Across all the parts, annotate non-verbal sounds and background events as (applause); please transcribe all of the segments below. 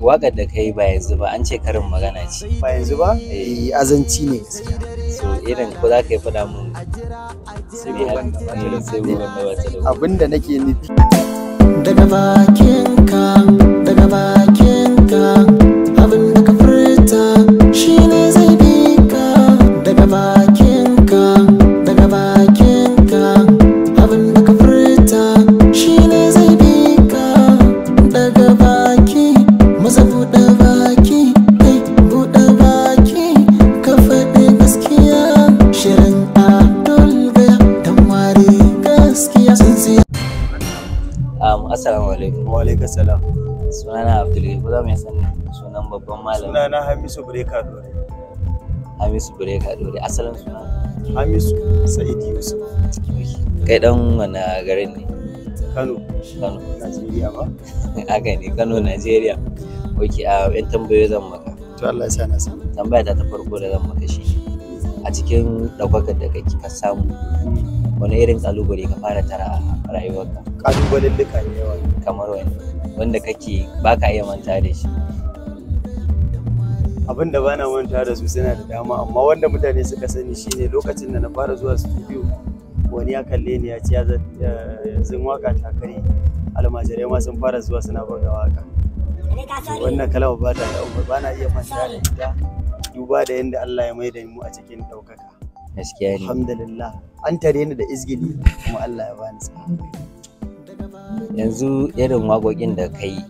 waƙar da kai ba yanzu ba an ce karin magana ce ba yanzu ba eh, azanci ne gaskiya so irin ko za ka yi fada mun abin da nake nufi daga ka daga bakinka Assalamu alaikum. Wa alaikum salam. Sunana Abdul ko za mu san sunan babban malami. Sunana Hamisu Breka Dore. Hamisu Breka Dore asalin sunan. Hamisu Sa'id Yusuf. Kai dan wani garin ne? Kano. Kano. Najeriya ba? (laughs) Haka ne Kano Najeriya. Ok a yan tambayoyi zan maka. To Allah ya sa na san. Tambaya ta ta farko da zan maka shi. A cikin ɗaukakar da kake ka samu hmm. wani irin kalubale ka fara tara a rayuwarka kalubalen duka ne yawa kamar wani wanda kake baka iya manta da shi abin da bana manta da su suna da dama amma wanda mutane suka sani shine lokacin da na fara zuwa studio wani ya kalle ni ya ce yanzu waka ta almajirai ma sun fara zuwa suna buga waka eh, wannan kalama ba ta da umar bana iya manta da ita duba da yadda Allah ya maida mu a cikin ɗaukaka gaskiya ne alhamdulillah an tare ni da izgili kuma Allah ya bani sa'a yanzu irin waƙoƙin da kai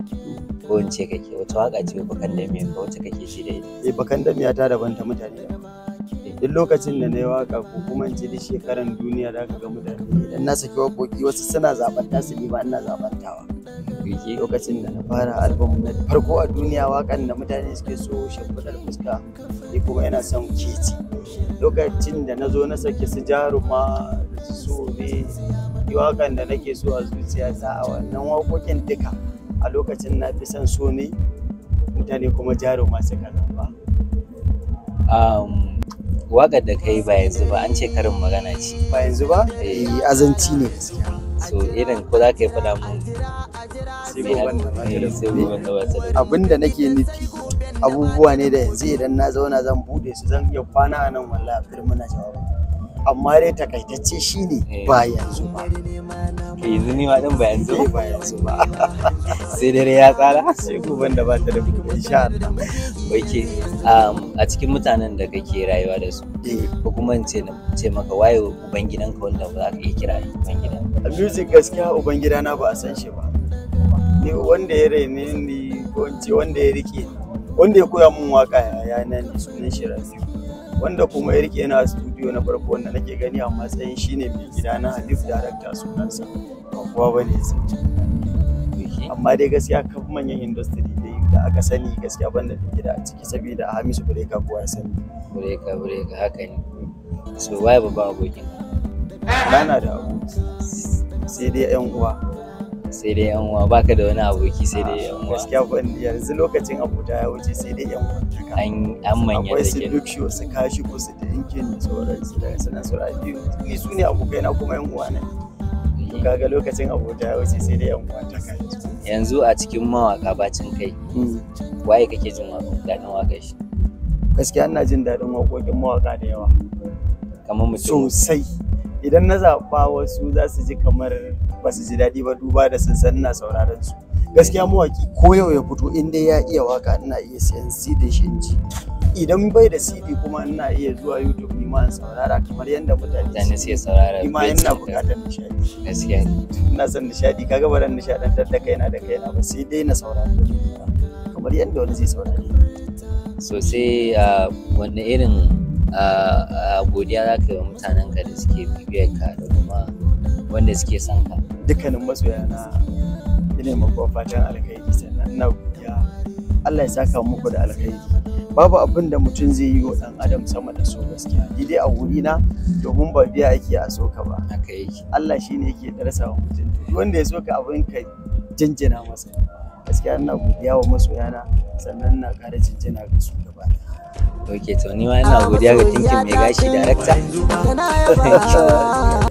ko in ce kake wata waka ce ba kan damiya ko wata kake shi da ita eh ba kan damiya ta daban ta mutane duk lokacin da na yi waka ko kuma in ce duk shekaran duniya da aka ga mutane idan na saki waƙoƙi wasu suna zaɓar tasu ni ba ina zaɓar tawa lokacin da na fara album na farko a duniya waƙan da mutane suke so shimfiɗar fuska ni kuma yana son keci lokacin da na zo na sake su jaruma su ne waƙan da nake so a zuciyata a wannan waƙoƙin duka a lokacin na fi son so ne mutane kuma jaruma su karamba. Waƙar da kai ba yanzu ba an ce karin magana ce. Ba yanzu ba? Eh. Eh, azanci ne gaskiya. So irin ko za ka yi faɗa mun. Sai gobe da eh, ta da. Abin da nake nufi abubuwa ne da yanzu idan na zauna zan bude su zan iya kwana a nan wallahi na jawabi amma dai takaitacce shine eh. ba yanzu ba ke yanzu ni ma din ba yanzu ba eh, yanzu ba (laughs) sai dare ya tsara sai goben da ba ta da bikin insha Allah wake um, a cikin mutanen da kake rayuwa da su eh. ko kuma in ce maka waye uban gidanka wanda ba za ka iya kira uban gidan a music gaskiya uban gidana ba a san shi ba ni wanda ya rene ni ko in ce wanda ya rike ni wanda ya koya min waka yaya na da sunan shi Rafi wanda kuma ya rike yana studio na farko wanda nake gani a matsayin shine mai gida na Halif director sunansa ba kowa bane amma dai gaskiya kan manyan industry dai da aka sani gaskiya ban da gida a ciki saboda Hamisu Bureka kowa ya sani Bureka Bureka haka ne so waye babban abokin na da aboki sai dai yan uwa sai dai yan uwa baka da wani aboki sai dai yan uwa gaskiya ban yanzu lokacin abuta ya wuce sai dai yan uwa an an manya da ke duk shi su kashi ko su dinkin tsoron su da suna sauran biyu ni su ne abokai na kuma yan uwa ne mm. kaga lokacin abuta ya wuce sai dai yan uwa ta kai yanzu a cikin mawaka bacin kai mm. waye kake jin daɗin waƙar shi gaskiya ina jin daɗin waƙoƙin mawaka da yawa kamar mutum sosai idan na zaɓa wasu za su ji kamar ba su ji daɗi ba duba da sun san ina sauraron su gaskiya mawaki ko yau ya fito in dai ya iya waka ina iya siyan cd shi in ji idan bai da cd kuma ina iya zuwa youtube ni ma in saurara kamar yadda mutane sai saurara ni ma ina buƙatar nishaɗi gaskiya ina son nishaɗi kaga ba dan nishaɗantar da kaina da kaina ba sai dai na saurara kamar yadda wani zai saurara so sai ah, wani irin godiya za ka yi wa mutanen ka da suke bibiyar ka da kuma wanda suke son ka dukkanin masoya na ina maka fatan alkhairi sannan na godiya Allah ya saka muku da alkhairi babu abin da mutum zai yi wa ɗan adam sama da so gaskiya ni dai a wuri na domin ba biya ake a so ka ba Allah shine yake darasa wa mutum wanda ya so ka abin ka jinjina masa gaskiya ina godiya wa masoyana sannan ina ƙara jinjina ga su gaba Ok, to ni ma ina godiya ga tinkin mai gashi director. (laughs)